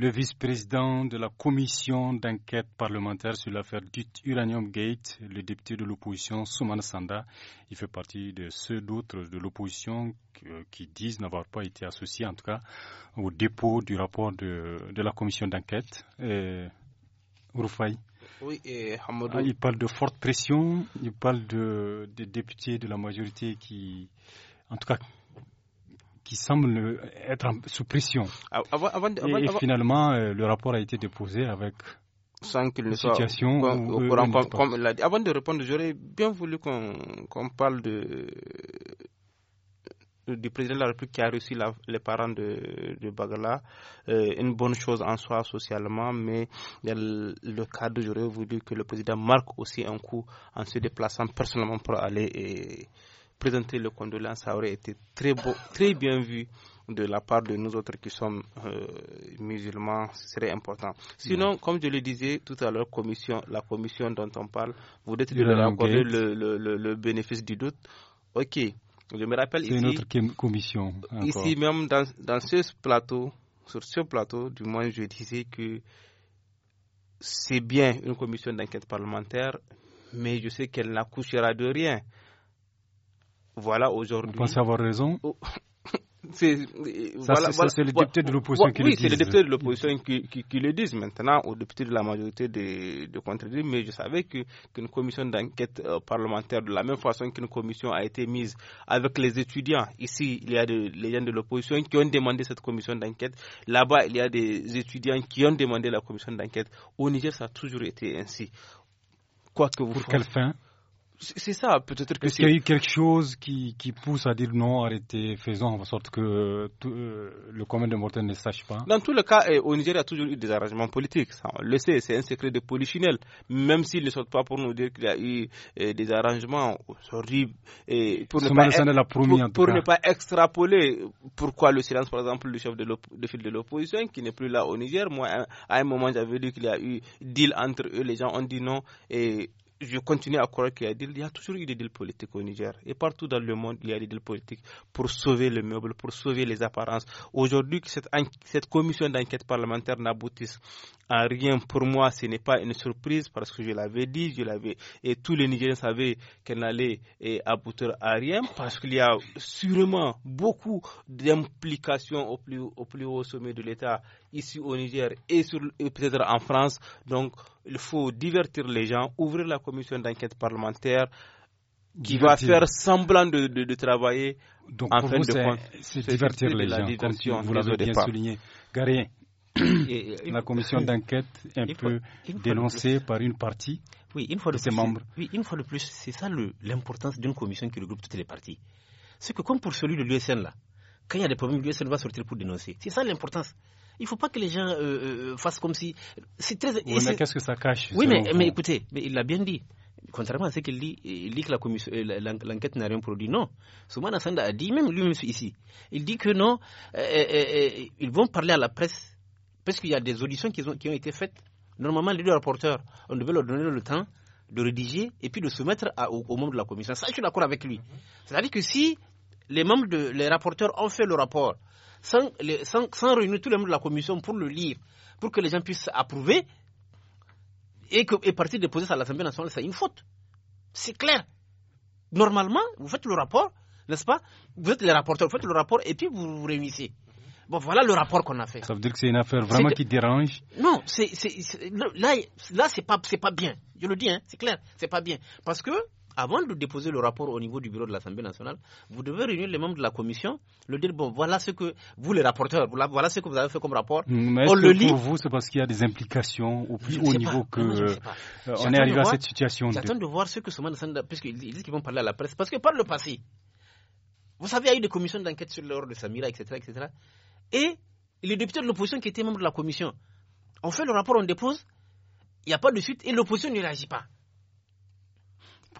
le vice-président de la commission d'enquête parlementaire sur l'affaire du Uranium Gate, le député de l'opposition Soumana Sanda. Il fait partie de ceux d'autres de l'opposition qui disent n'avoir pas été associés, en tout cas, au dépôt du rapport de, la commission d'enquête. Oui, et Hamadou. Ah, il parle de forte pression, il parle de, des députés de la majorité qui, en tout cas, qui semble être sous pression. Ah, et, finalement, euh, le rapport a été déposé avec sans situation avant de répondre, j'aurais bien voulu qu'on parle de, du président de la République qui a reçu les parents de, de Bagala, euh, une bonne chose en soi socialement, mais dans le cadre, j'aurais voulu que le président marque aussi un coup en se déplaçant personnellement pour aller et, présenter le condolence, ça aurait été très, beau, très bien vu de la part de nous autres qui sommes euh, musulmans. Ce serait important. Sinon, mm. comme je le disais tout à l'heure, commission, la commission dont on parle, vous dites de le, bénéfice du doute. Ok, je me rappelle ici. C'est une autre commission. Ici même dans, ce plateau, sur ce plateau, du moins, je disais que c'est bien une commission d'enquête parlementaire, mais je sais qu'elle n'accouchera de rien voilà, aujourd'hui. Vous pensez avoir raison oh. C'est voilà, le député de l'opposition qui le dit. Oui, c'est le député de l'opposition qui, le disent maintenant aux députés de la majorité de, de contredire, mais je savais qu'une commission d'enquête euh, parlementaire, de la même façon qu'une commission a été mise avec les étudiants, ici il y a des les gens de l'opposition qui ont demandé cette commission d'enquête, là-bas il y a des étudiants qui ont demandé la commission d'enquête. Au Niger, ça a toujours été ainsi. Quoi que vous Pour quelle fin c'est ça, peut-être que Est-ce qu'il y a eu quelque chose qui, qui pousse à dire non, arrêtez, faisons en sorte que euh, euh, le commun de mortels ne sache pas Dans tous les cas, au Niger, il y a toujours eu des arrangements politiques. on le sait, c'est un secret de polichinelle. Même s'il ne sort pas pour nous dire qu'il y a eu euh, des arrangements horribles. Et pour, ne pas, extrapoler pourquoi le silence, par exemple, du chef de, file de l'opposition qui n'est plus là au Niger. Moi, à un moment, j'avais dit qu'il y a eu deal entre eux. Les gens ont dit non. Et je continue à croire qu'il y, a, toujours eu des deals politiques au Niger. Et partout dans le monde, il y a des deals politiques pour sauver le meuble, pour sauver les apparences. Aujourd'hui, que cette, cette, commission d'enquête parlementaire n'aboutisse à rien, pour moi, ce n'est pas une surprise parce que je l'avais dit, je l'avais, et tous les Nigériens savaient qu'elle n'allait aboutir à rien parce qu'il y a sûrement beaucoup d'implications au plus, au plus haut sommet de l'État ici au Niger et, peut-être en France. Donc, il faut divertir les gens, ouvrir la commission d'enquête parlementaire qui va faire semblant de, travailler. Donc, en pour vous, de c'est divertir les gens, vous l'avez bien souligné. la commission d'enquête un peu dénoncée par une partie oui, une fois de, ses membres. Oui, une fois de plus, c'est ça l'importance d'une commission qui regroupe toutes les parties. C'est que comme pour celui de l'USN là, quand il y a des problèmes, l'USN va sortir pour dénoncer. C'est ça l'importance. Il ne faut pas que les gens euh, euh, euh, fassent comme si. C'est très. mais qu'est-ce que ça cache Oui, mais, écoutez, il l'a bien dit. Contrairement à ce qu'il dit, il dit que l'enquête n'a rien produit. Non. Soumana Sanda a dit, même lui-même ici, il dit que non, ils vont parler à la presse, parce qu'il y a des auditions qui ont, été faites. Normalement, les deux rapporteurs, on devait leur donner le temps de rédiger et puis de soumettre aux au, de la commission. Ça, je suis d'accord avec lui. Mm-hmm. C'est-à-dire que si les membres de, les rapporteurs ont fait le rapport sans, sans, réunir tous les membres de la commission pour le lire, pour que les gens puissent approuver et, que, partir déposer ça à l'Assemblée nationale, c'est une faute. C'est clair. Normalement, vous faites le rapport, n'est-ce pas Vous êtes les rapporteurs, vous faites le rapport et puis vous vous réunissez. Bon, voilà le rapport qu'on a fait. Ça veut dire que c'est une affaire vraiment qui dérange Non, c'est, là, là c'est pas, pas bien. Je le dis, hein, c'est clair, c'est pas bien. Parce que avant de déposer le rapport au niveau du bureau de l'Assemblée nationale, vous devez réunir les membres de la commission, leur dire bon, voilà ce que vous, les rapporteurs, voilà ce que vous avez fait comme rapport. Mais on le lit. Pour vous, c'est parce qu'il y a des implications au plus haut niveau que euh, on est arrivé à cette situation. J'attends de... voir ce que Parce puisqu'ils disent qu'ils vont parler à la presse, parce que par le passé, vous savez, il y a eu des commissions d'enquête sur l'ordre de Samira, etc., etc. Et les députés de l'opposition qui étaient membres de la commission, on fait le rapport, on dépose, il n'y a pas de suite et l'opposition ne réagit pas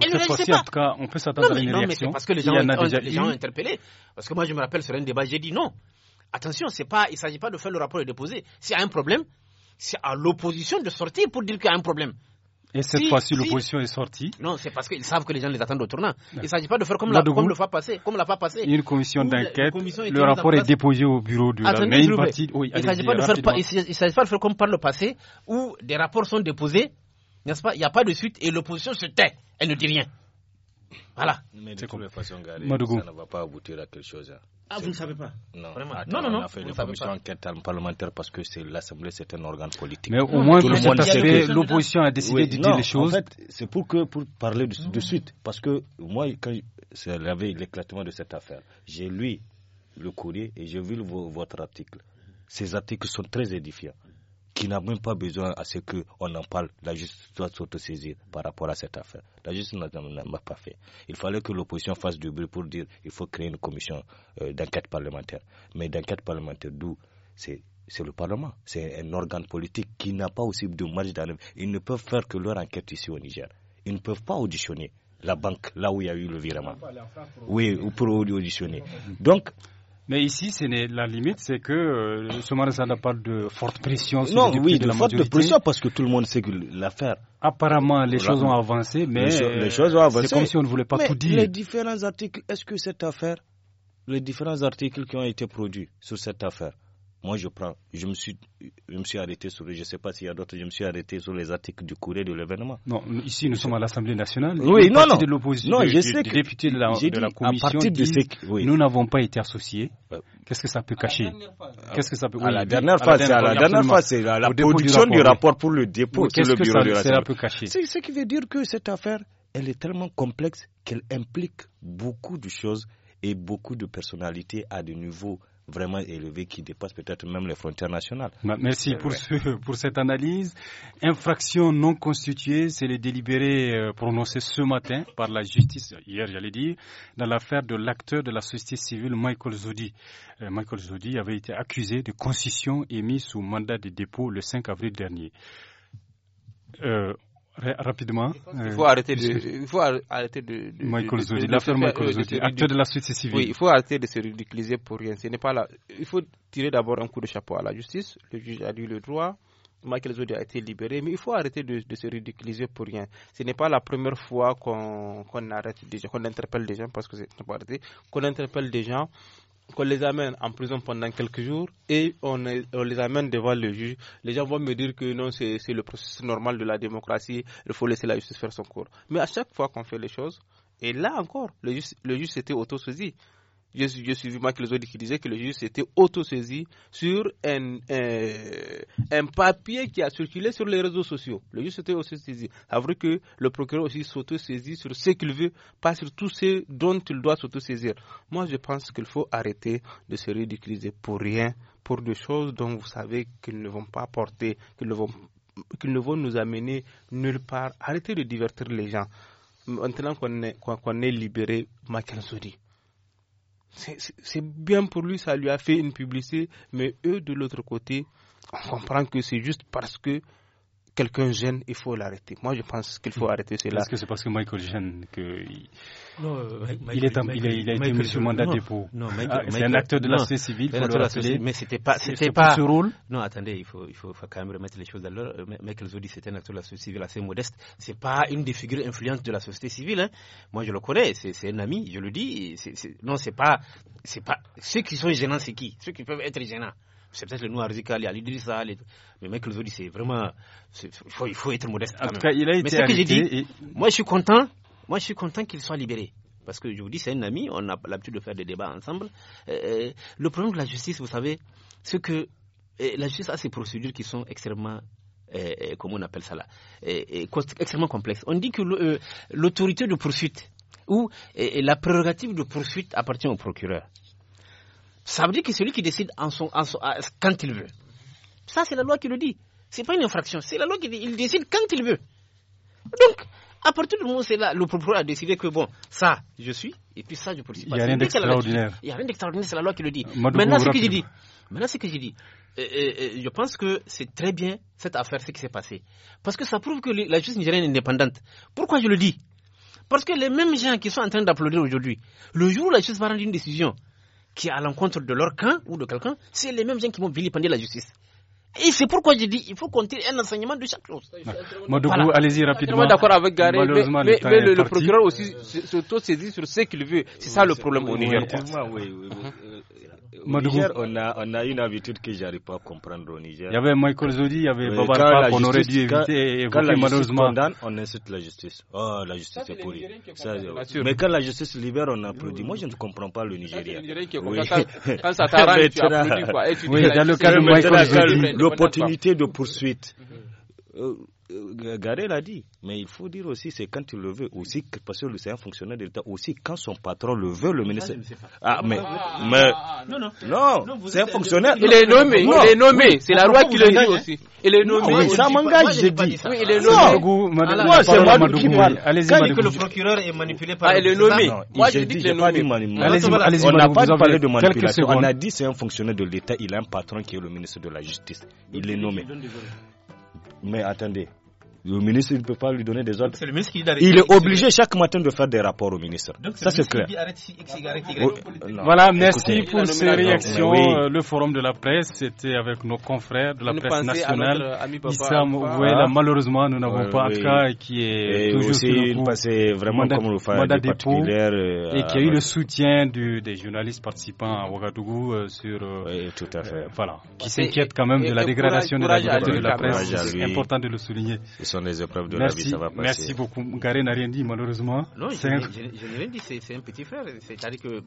cette fois-ci, en tout cas, on peut s'attendre à une non, réaction. Mais parce que les gens, ont, gens interpellé. Parce que moi, je me rappelle sur un débat, j'ai dit non. Attention, pas, il ne s'agit pas de faire le rapport et de déposer. S'il y a un problème, c'est à l'opposition de sortir pour dire qu'il y a un problème. Et cette fois-ci, l'opposition est sortie. Non, c'est parce qu'ils savent que les gens les attendent au tournant. Il ne s'agit pas de faire comme, la, comme le pas passé, comme l'a Une commission d'enquête. Le rapport est déposé au bureau de la main partie. Oui, il ne s'agit pas, de faire comme par le passé, où des rapports sont déposés n'est-ce pas Il n'y a pas de suite et l'opposition se tait, elle ne dit rien. Voilà. Mais de toute façon, Gary, ça ne va pas aboutir à quelque chose. Hein. Ah, vous ne savez pas Non, non, non, non. On a fait une commission enquête parlementaire parce que l'Assemblée, c'est un organe politique. Mais au moins, l'opposition a décidé de dire les choses. En fait, c'est pour, pour parler de, suite. Parce que moi, quand il y avait l'éclatement de cette affaire, j'ai lu le courrier et j'ai vu votre article. Ces articles sont très édifiants qui n'a même pas besoin à ce qu'on en parle. La justice doit s'autosaisir par rapport à cette affaire. La justice n'a pas fait. Il fallait que l'opposition fasse du bruit pour dire qu'il faut créer une commission euh, d'enquête parlementaire. Mais d'enquête parlementaire, d'où c'est le Parlement, c'est un organe politique qui n'a pas aussi de marge d'arrivée. Ils ne peuvent faire que leur enquête ici au Niger. Ils ne peuvent pas auditionner la banque là où il y a eu le virement. Oui, ou pour auditionner. Donc, mais ici, la limite, c'est que ce euh, Soumane n'a pas de forte pression sur de, forte pression parce que tout le monde sait que l'affaire. Apparemment, les choses ont avancé, mais euh, C'est comme si on ne voulait pas tout dire. Les différents articles, est-ce que cette affaire, les différents articles qui ont été produits sur cette affaire, moi, je prends. Je me suis, me suis arrêté sur. Je sais pas s'il y a d'autres. Je me suis arrêté sur les articles du courrier de l'événement. Non, ici nous sommes à l'Assemblée nationale. Oui, non, non. De Non, je sais que député de la, de ce nous n'avons pas été associés. Euh, qu'est-ce que ça peut cacher Qu'est-ce que ça peut À la dernière phase, c'est la dernière phase, la, production du rapport, pour le dépôt sur le bureau que ça, de peut cacher C'est ce qui veut dire que cette affaire, elle est tellement complexe qu'elle implique beaucoup de choses et beaucoup de personnalités à de nouveaux vraiment élevé qui dépasse peut-être même les frontières nationales. Bah, merci pour, cette analyse. Infraction non constituée, c'est le délibéré euh, prononcé ce matin par la justice, hier j'allais dire, dans l'affaire de l'acteur de la société civile Michael Zodi. Euh, Michael Zodi avait été accusé de concession et mis sous mandat de dépôt le 5 avril dernier. Euh, Rapidement. Il euh, faut arrêter de. Il faut arrêter de. Michael Zodi, l'affaire Michael Zodi, acteur de la suite euh, civile. Oui, il faut arrêter de se ridiculiser pour rien. Ce n'est pas là. Il faut tirer d'abord un coup de chapeau à la justice. Le juge a eu le droit. Michael Zodi a été libéré, mais il faut arrêter de, se ridiculiser pour rien. Ce n'est pas la première fois qu'on qu arrête des gens, qu'on interpelle des gens, parce que c'est qu'on interpelle des gens qu'on les amène en prison pendant quelques jours et on, les amène devant le juge. Les gens vont me dire que non, c'est le processus normal de la démocratie, il faut laisser la justice faire son cours. Mais à chaque fois qu'on fait les choses, et là encore, le juge, le juge s'était auto-saisi. J'ai suis vu Mackenzie, qui disait que le juge s'était auto-saisi sur un, papier qui a circulé sur les réseaux sociaux. Le juge s'était auto-saisi. vrai que le procureur aussi s'auto-saisit sur ce qu'il veut, pas sur tout ce dont il doit s'auto-saisir. Moi, je pense qu'il faut arrêter de se ridiculiser pour rien, pour des choses dont vous savez qu'ils ne vont pas porter, qu'ils ne vont qu'ils ne vont nous amener nulle part. Arrêtez de divertir les gens. Maintenant qu'on est, qu'on est libéré, Mackenzie. C'est bien pour lui, ça lui a fait une publicité, mais eux, de l'autre côté, on comprend que c'est juste parce que quelqu'un gêne, il faut l'arrêter. Moi, je pense qu'il faut arrêter cela. Est-ce que c'est parce que Michael gêne que non, euh, il, est il, a, été mis sur mandat de dépôt ah, C'est un acteur de la société civile, Mais c'était pas, c'était pas ce rôle. Non, attendez, il faut, il faut, quand même remettre les choses à l'heure. Michael Zodi, c'était un acteur de la société civile assez modeste. C'est pas une des figures influentes de la société civile. Hein. Moi, je le connais. C'est un ami, je le dis. non, c'est pas, c'est pas. Ceux qui sont gênants, c'est qui Ceux qui peuvent être gênants c'est peut-être le radical, il y a l'Idrissa, les... mais Michael Zodi, c'est vraiment. Il faut, il faut, être modeste. mais ce que j'ai dit, moi je suis content, moi je suis content qu'il soit libéré. Parce que je vous dis, c'est un ami, on a l'habitude de faire des débats ensemble. Euh, euh, le problème de la justice, vous savez, c'est que euh, la justice a ses procédures qui sont extrêmement comment on appelle ça là, extrêmement complexes. On dit que l'autorité de poursuite ou la prérogative de poursuite appartient au procureur. Ça veut dire que lui qui décide en son, euh, quand il veut. Ça, c'est la loi qui le dit. C'est pas une infraction. C'est la loi qui dit. Il décide quand il veut. Donc, à partir du moment où c'est là, le procureur a décidé que bon, ça, je suis, et puis ça, je poursuis Il n'y a rien d'extraordinaire. Il n'y a rien d'extraordinaire, c'est la loi qui le dit. Euh, maintenant, ce que j'ai dit. Maintenant, ce que je pense que c'est très bien cette affaire, ce qui s'est passé. Parce que ça prouve que la justice nigérienne est indépendante. Pourquoi je le dis Parce que les mêmes gens qui sont en train d'applaudir aujourd'hui, le jour où la justice va rendre une décision, qui est à l'encontre de leur camp ou de quelqu'un, c'est les mêmes gens qui vont vilipender la justice. Et c'est pourquoi je dis il faut qu'on un enseignement de chaque chose. allez-y bah, rapidement. Je suis d'accord avec Gary, mais, le, procureur aussi s'auto-saisit sur ce qu'il veut. C'est ça le problème au niveau on a, on a une habitude que j'arrive pas à comprendre au Niger. Il y avait Michael Zodi, il y avait Babar on aurait dû éviter et quand la malheureusement. on incite la justice. Oh, la justice est, pourrie. mais quand la justice libère, on applaudit. Moi, je ne comprends pas le Nigeria. Oui. Quand ça t'arrange, tu applaudis quoi. Eh, oui, dans le cas de Michael Zodi. L'opportunité de poursuite. Mm-hmm. Euh, euh, Garel l'a dit, mais il faut dire aussi, c'est quand il le veut, aussi, parce que c'est un fonctionnaire de l'État, aussi quand son patron le veut, le ministre. Ah, mais. Ah, ah, ah, non, non. Non, c'est un fonctionnaire. Il est nommé, il est nommé. C'est la loi qui le dit aussi. Il est nommé. ça m'engage, j'ai dit. Oui, il est nommé. Moi, c'est moi qui parle. Quand que le procureur est manipulé par. il est nommé. Moi, je dis est nommé. On n'a pas parlé de manipulation. On a dit c'est un fonctionnaire de l'État, il a un patron qui est le ministre de la Justice. Il est nommé. Mais attendez, le ministre, ne peut pas lui donner des ordres. il est obligé chaque matin de faire des rapports au ministre. Donc ça, c'est clair. Voilà, merci pour ces réactions. Euh, le forum de la presse, c'était avec nos confrères de la presse nationale. malheureusement, nous n'avons euh, pas oui. qui est toujours aussi, vraiment comme le euh, et qui a eu le soutien des journalistes participants à Ouagadougou sur. Voilà, qui s'inquiète quand même de la dégradation de la liberté de la presse. C'est important de le souligner sont les épreuves de merci, la vie, ça va passer. Merci beaucoup. Garé n'a rien dit, malheureusement. Non, je, n'ai rien dit, c'est un petit frère. C'est-à-dire que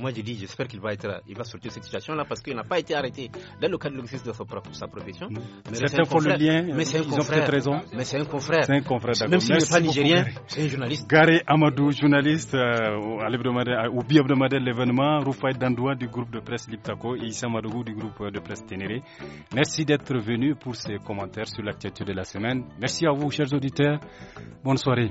moi, je dis, j'espère qu'il va, va sortir de cette situation-là parce qu'il n'a pas été arrêté dans le cadre de l'exercice de sa, profession. Mm. Certains font le lien, mais ils confrère. ont peut raison. Mais c'est un confrère. C'est un confrère, d'accord. Même s'il n'est pas nigérien, c'est un journaliste. Gary Amadou, journaliste euh, à l'hebdomadaire, au l'événement, Rufai Dandoua du groupe de presse Liptako et Issa Madougou du groupe euh, de presse Ténéré. Merci d'être venu pour ces commentaires sur l'actualité de la semaine. Merci à vous, chers auditeurs. Bonne soirée.